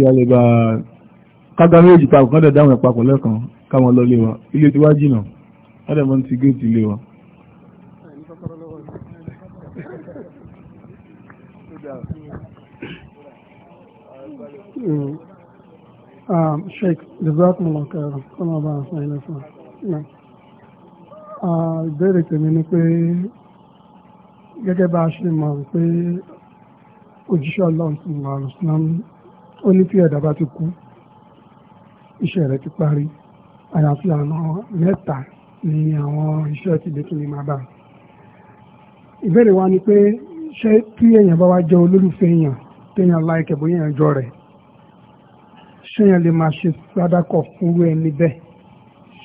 kí a lè bá kága méjì papọ̀ kọ́dẹ̀ dáhùn ẹ̀papọ̀ lẹ́kan káwọn lọ lé wa ilé tí wá jìnà kọ́dẹ̀ mọ́ ti géètì lé wa. Um, Sheikh, jazakumullah khairan, kọ́nà ọba àṣà ilẹ̀ fún wa. Ìbéèrè tèmi ni pé gẹ́gẹ́ bá a ṣe mọ̀ pé òjíṣẹ́ ọlọ́run ti wà lọ́sùn náà ó ní tí ẹ̀dá bá ti kú iṣẹ́ rẹ̀ ti parí àyàfi àwọn mẹ́ta ni àwọn iṣẹ́ ti lè tún ní máa bá ìbéèrè wa ni pé ṣé tí èèyàn bá wá jẹ́ olólùfẹ́ èèyàn téèyàn láìkẹ́ bóyá èèyàn jọ rẹ̀ ṣéèyàn lè máa ṣe sádàkọ̀ fúnrú ẹni bẹ́ẹ̀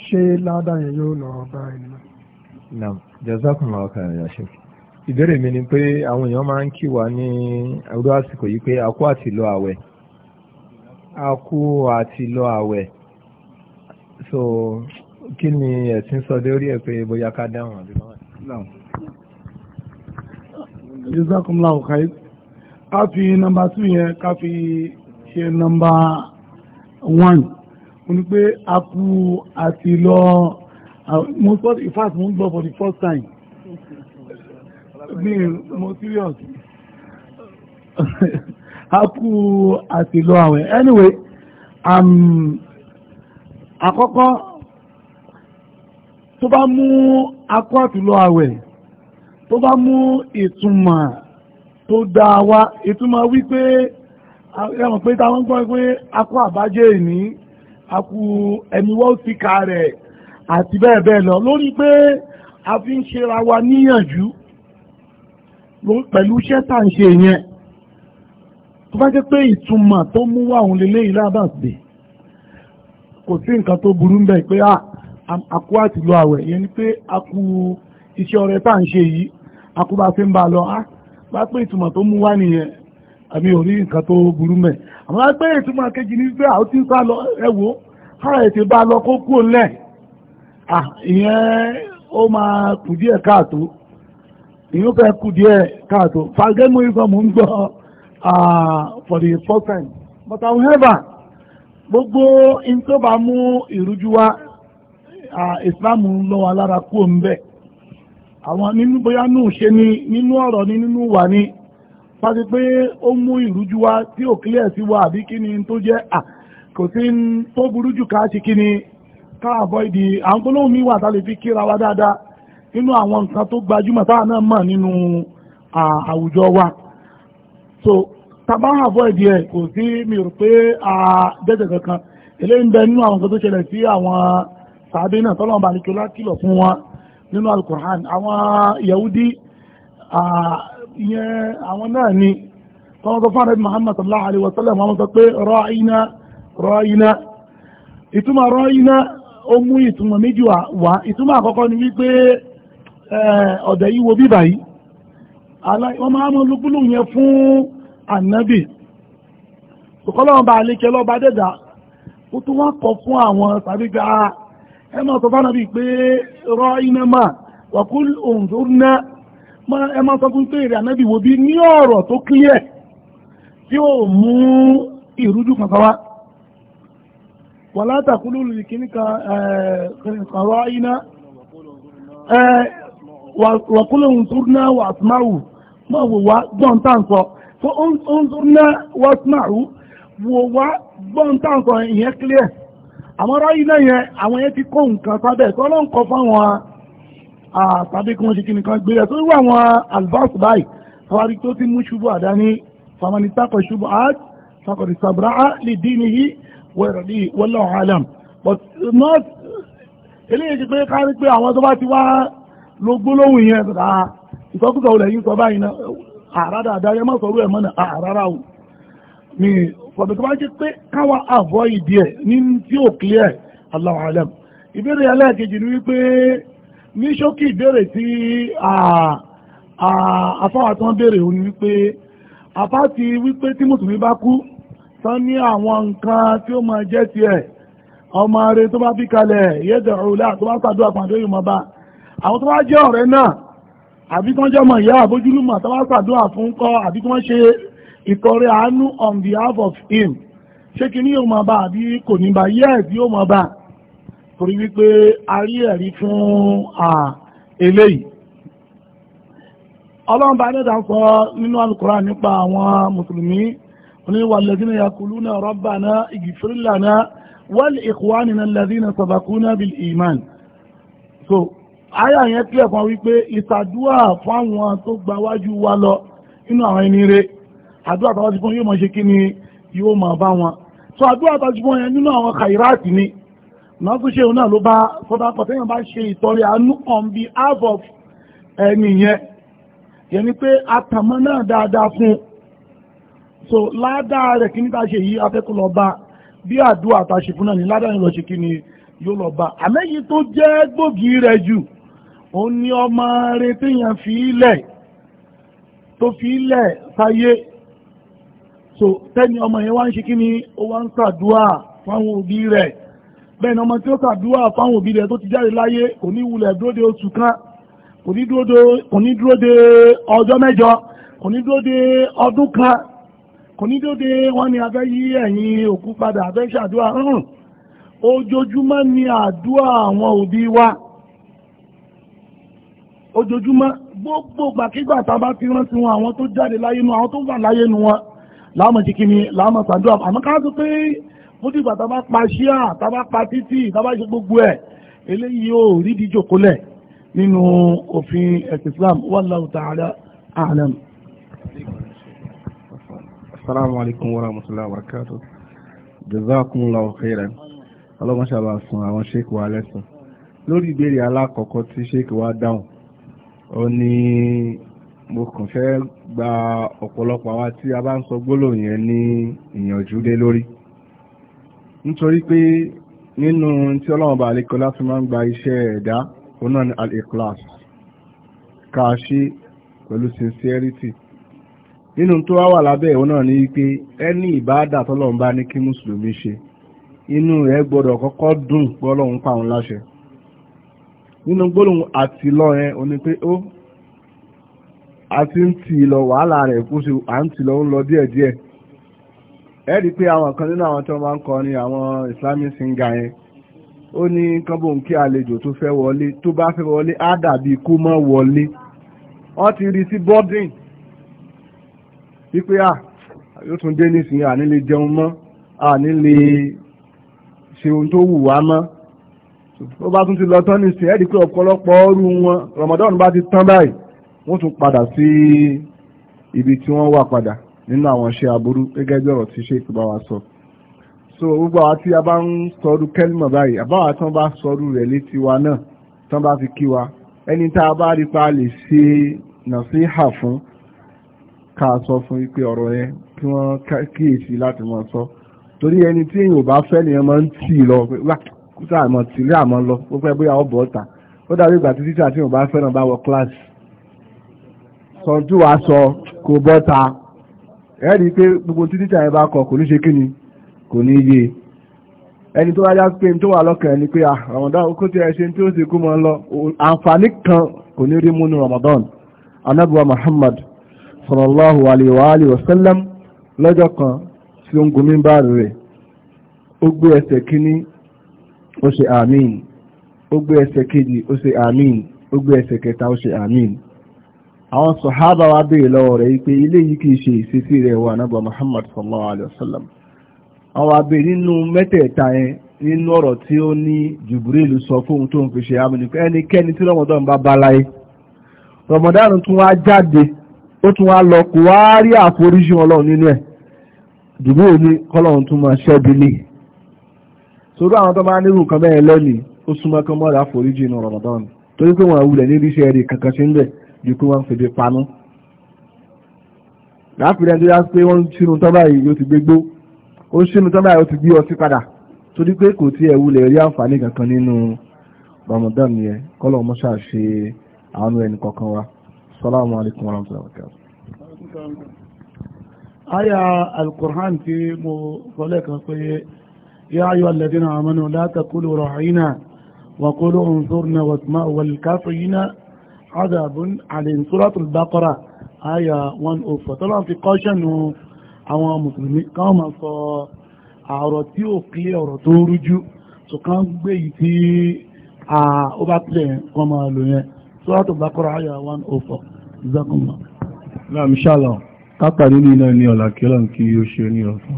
ṣé ládàá yẹn yóò lọ bá ẹni náà. naam jazakumullahu khairan ya sheikh ìbéèrè mi ni pé àwọn èèyàn máa ń kí wa ní ọdún àsìkò yìí pé a àtìlọ àwẹ̀ Aku kú àti lọ àwẹ̀ so kí ni ẹ̀sìn sọ lórí ẹ̀ pé bóyá ká dáhùn àbí náà. jazakumla ọ̀káyé ká fi nọ́mbà two yẹn ká fi ṣe nọ́mbà one mo ní pé a kú àti lọ mo sọ in mo ń gbọ́ for the first time mi mo serious hákú àti lọ àwẹ̀ anyway um, àkọ́kọ́ tó bá mú akọ àti lọ àwẹ̀ tó bá mú ìtumọ̀ tó dáa wá ìtumọ̀ wípé ẹmọ̀ pé táwọn gbọ́ pé akọ àbájẹ́ ìní akú ẹni wọ́n ti ka rẹ̀ àti bẹ́ẹ̀ bẹ́ẹ̀ lọ lórí pé a fi ń ṣera wa níyànjú pẹ̀lú iṣẹ́ tá à ń ṣe yẹn tó bá jẹ́ pé ìtumọ̀ tó mú wà òun lè léyìí lábàṣe kò sí nǹkan tó burú ń bẹ̀ pé àkú ah, àti lọ àwẹ̀ yẹn ni pé àkú iṣẹ́ ọrẹ tá à ń ṣe yìí àkú bá fi ń bá a lọ á ah, bá pé ìtumọ̀ tó mú wà nìyẹn àmì ò nǹkan tó burú mẹ́ àmọ́ bá pé ìtumọ̀ kejì ní pé àwọn tí ń sá lọ ẹ wò kára ètè bá lọ kó kúrò lẹ̀ ah, ìyẹn ó máa kù díẹ̀ káàtó ìyẹn ó fẹ́ kù díẹ̀ káàtó fàgẹ́mú ìfọ̀mù ń gbọ́ Ah, for the first time but however gbogbo in tó bá mú ìrújú ah, Islam ń lọ wa lára kú ń bẹ àwọn nínú bóyá ni nínú ọ̀rọ̀ ni nínú wà ni fàti pé ó mú irujuwa wá tí ò kílẹ̀ sí wa àbí kí ni tó jẹ́ à ah, kò sí tó burú jù ká ṣe kí ni ká avoid àwọn gbólóhùn mi wà tá lè fi kíra wa dáadáa nínú àwọn nǹkan tó gbajúmọ̀ táwa náà mọ̀ nínú àwùjọ wa so tàbá avoid ẹ̀ kò sí mi rò pé àdẹ́sẹ̀ kankan eléyìí ń bẹ nínú àwọn nǹkan tó ṣẹlẹ̀ sí àwọn sàbí náà tọ́lọ́run bá ní kí ó lákìlọ̀ fún wọn nínú alukur'an àwọn yahudi ìyẹn àwọn náà ni tọ́wọ́n tó fáwọn muhammad sallallahu alaihi wa sallam àwọn sọ pé ra'ina ra'ina ìtumọ̀ ra'ina ó mú ìtumọ̀ méjì wá ìtumọ̀ àkọ́kọ́ ni wípé ọ̀dẹ̀ yìí wo bíbà yìí wọ́n máa mọ lúgbúlù yẹn fún annabi ọ̀kọ́lọ́wọ́n bá alékẹ́ lọ́ba dẹ́dà ó wá kọ fún àwọn tàbí gba ah, pé rọ iná ma wàkúl òǹdúrná ma máa sọ fún pé wobi ànábì to ní ọ̀rọ̀ tó clear tí ó mú ìrújú kankan wà látàkúlù kìíní kan rọ iná eh, wàkúl so ounzurna wasma'u wo wá gbọ́n táǹkọ̀ ìyẹn clear àmọ́ ráyí náà yẹn àwọn yẹn ti kó nǹkan sábẹ̀ tó ló ń kọ fáwọn àtàbí kí wọ́n ṣe kíni kan gbélé tó wà wọn albas báyìí tọ́wárí tó ti mú ṣubú àdáni famani takọ̀ ṣubú àt takọ̀ di sabra'a lè dín ní yìí wẹ̀rọ̀ ní wallahu alam but not eléyìí ti pé kárí pé àwọn tó bá ti wá lo gbólóhùn yẹn ìtọ́kùtọ̀ olè yìí sọ báyìí náà àrádà àdáyẹ má sọ̀rọ̀ ẹ̀ mọ́nà àrárá ah, o ní fọ̀dọ̀ tó bá jẹ́ pé káwa àvọ́ ìdí ẹ̀ ní tí ò clear Allahu alam ìbéèrè ẹlẹ́ẹ̀kejì ni wípé ní ṣókí ìbéèrè tí afáwà tó ń béèrè òní wípé apá ti wípé tí mùsùlùmí bá kú tán ní àwọn nǹkan tí ó máa jẹ́ tiẹ̀ ọmọ rẹ̀ tó bá bí kalẹ̀ yẹ́dẹ̀ òrùlá tó pàdé yìí mọ́ bá àwọn tó bá jẹ́ ọ̀rẹ́ náà àbí kí wọ́n jẹ́ ọmọ ìyá àbójúlùmọ̀ tó bá ṣàdúrà fún kọ́ àbí kí ṣe ìtọrẹ àánú on behalf of him ṣé kí ní yóò máa bá àbí kò ní bá yes yóò máa bá torí wípé a rí ẹ̀rí fún eléyìí ọlọ́run bá dẹ́ta sọ nínú alukura nípa àwọn mùsùlùmí oníwàlẹ́dínà yakuluna rabbana igifirlana wal ikhwanina alladhina sabaquna bil iman so àyà yẹn kí ẹ̀kan wípé ìsàdúà fáwọn tó gba wájú wa lọ nínú àwọn ẹni rẹ̀ àdúrà tó wá fún yóò máa ṣe kí ni yóò máa bá wọn so àdúrà tó wá sí fún yẹn nínú àwọn kàìráàtì ni náà tó ṣe òun náà ló bá sọdá pọ̀ tẹ́yìn bá ṣe ìtọrẹ àánú on behalf of ẹni yẹn yẹn ni pé atàmọ́ náà dáadáa fún un so ládàá rẹ̀ kí ní ta ṣe yìí afẹ́kọ́ lọ bá bí àdúrà ta ṣe fún náà ni ládàá yẹn òun ni ọmọ rẹ téèyàn fi ilẹ̀ tó fi ilẹ̀ sáyé so tẹ́ni ọmọ yẹn wá ń ṣe kí ni ó wá ń ṣàdúà fáwọn òbí rẹ̀ bẹ́ẹ̀ ni ọmọ tí ó ṣàdúà fáwọn òbí rẹ̀ tó ti jáde láyé kò ní wulẹ̀ dúró de oṣù kan kò ní dúró de ọjọ́ mẹ́jọ kò ní dúró de ọdún kan kò ní dúró de wọ́n ní abẹ́ yí ẹ̀yìn òkú padà abẹ́ ṣàdúà rùn ojoojúmọ́ ni àdúà àwọn òbí wa ojoojúmọ́ gbogbo gbàkígbà tá a bá ti rántí wọn àwọn tó jáde láyé nu àwọn tó wà láyé nu wọn láàmọ̀ jí kí ni láàmọ̀ sàdúrà àmọ́ ká sọ pé ó dìgbà tá a bá pa ṣíà tá a bá pa títì tá a bá ṣe gbogbo ẹ̀ eléyìí ò rí díjò kólẹ̀ nínú òfin ẹ̀sìn Islam wallahu ta'ala a'lam. Assalamu alaikum warahmatullahi wabarakatuh. Jazakumullahu khairan. Ọlọ́mọṣàlá sun àwọn ṣéèkì wa lẹ́sùn. Lórí ìbéèrè alákọ̀ọ́kọ́ tí ṣéèkì wa dáhùn, ó ní mo kàn fẹ́ gba ọ̀pọ̀lọpọ̀ àwa tí a bá ń sọ gbólóhùn yẹn ní ìyànjú lé lórí nítorí pé nínú tí ọlọ́run bá àlékọ́ láti máa ń gba iṣẹ́ ẹ̀dá òun náà ní al-ikhlas ká a ṣe pẹ̀lú sincerity nínú tó wá wà lábẹ́ òun náà ní wípé ẹni ìbáàdà tọ́lọ́run bá ní kí mùsùlùmí ṣe inú ẹ gbọ́dọ̀ kọ́kọ́ dùn pé ọlọ́run pa òun láṣẹ nínú gbólóhùn àti lọ yẹn o ní pé ó àti ń tì lọ wàhálà rẹ̀ kó ṣe à ń tì lọ ń lọ díẹ̀díẹ̀ ẹ rí i pé àwọn kan nínú àwọn tí wọ́n máa ń kọrin àwọn Islamic singer yẹn ó ní kánbóhùn kí àlejò tó fẹ́ wọlé tó bá fẹ́ wọlé á dàbí kó mọ́ wọlé wọ́n ti rí sí bọ́dìn wípé à yóò tún dé nísìnyí à nílé jẹun mọ́ à nílé ṣe ohun tó wù wá mọ́ ó bá tún ti lọ tán nísìnyí ẹ̀ẹ́dì pé ọ̀pọ̀lọpọ̀ ọrú wọn Ramadan bá ti tán báyìí wọ́n tún padà sí ibi tí wọ́n wà padà nínú àwọn iṣẹ́ aburú gẹ́gẹ́ bí ọ̀rọ̀ tí ṣe ìpínlẹ̀ wa sọ so gbogbo àwọn tí a bá ń sọrú kẹ́límọ̀ báyìí àbáwá tán bá sọrú rẹ̀ létí wa náà tán bá fi kí wa ẹni tá a bá rí pa lè ṣe nàṣíhà fún ká sọ fún pé ọ̀rọ̀ yẹn kí wọ́n kíyèsí láti máa sọ torí ẹni tí èèyàn ò bá fẹ́ nìyẹn máa ń tì lọ pé kúta àmọ́ tìlé àmọ́ lọ ó fẹ́ bóyá ọ̀bọ̀ ọ̀tà ó dàbí ìgbà tí tíṣà tí mo bá fẹ́ràn bá wọ kíláàsì sọ̀tún wàá sọ kò bọ́ta ẹ rí i pé gbogbo tí tíṣà yẹn bá kọ kò ní ṣe kí ni kò ní yé ẹni tó bá yá pé tó wà lọ́kàn ẹni pé Ramadan kó tí ẹ ṣe tí ó sì kú mọ́ lọ àǹfààní kan kò ní rí múnú Ramadan anábùwà Muhammad sallallahu alayhi wa alayhi wa sallam lọ́jọ́ kan tí ó ń gun mímbà rẹ̀ ó gbé ẹsẹ̀ kínní ó ṣe àmín ó gbé ẹsẹ̀ kejì ó ṣe àmín ó gbé ẹsẹ̀ kẹta ó ṣe àmín àwọn sọ̀hábà wa lọ́wọ́ rẹ̀ wípé ilé yìí kìí ṣe ìṣesí rẹ̀ wà Muhammad sallallahu alayhi wa sallam àwọn abẹ nínú mẹ́tẹ̀ẹ̀ta yẹn nínú ọ̀rọ̀ tí ó ní Jibril sọ fóun tó ń fi ṣe àmì ẹnikẹ́ni tí Ramadan bá bá láyé Ramadan tún wá jáde ó tún wá lọ kó wá rí àforíjì Ọlọ́run nínú ẹ̀ ní kọ́lọ́run tún máa ṣẹ́bi sórí àwọn tó máa nírú kan bẹ́ẹ̀ lónìí ó súnmọ́ kí wọ́n rà foríjì inú Ramadan torí pé wọ́n wulẹ̀ ní iṣẹ́ rẹ̀ kankan sí ńbẹ̀ ju pé wọ́n ń febi panú. láàpìlẹ̀ tó yá pé wọ́n ń sínú tán báyìí yóò ti gbé gbó ó ń sínú tán báyìí ó ti gbé ọtí padà torí pé kò tiẹ̀ wulẹ̀ rí àǹfààní kankan nínú Ramadan yẹn kọ́lọ̀ mọ́ṣá ṣe àánú ẹnì kọ̀ọ̀kan wa salamu alaykum wa rahmatullahi wa barakatuh. aya al-Qur'an tí mo sọ lẹ́ẹ̀kan pé يا أيها الذين آمنوا لا تقولوا راعينا وقولوا انظرنا واسمعوا والكافرين عذاب عليهم سورة البقرة آية 104 طبعا في قاشن àwọn mùsùlùmí kan máa sọ àrọ̀ tí ó kílẹ̀ ọ̀rọ̀ tó rújú tó kán gbé yìí tí ó bá kílẹ̀ kan máa lò yẹn Suratu Baqara àyà 104 ìzákùnmọ̀. láàmì ṣàlọ̀ kápá nínú iná ní ọ̀làkílọ̀ kí ó ṣe ní ọ̀fọ́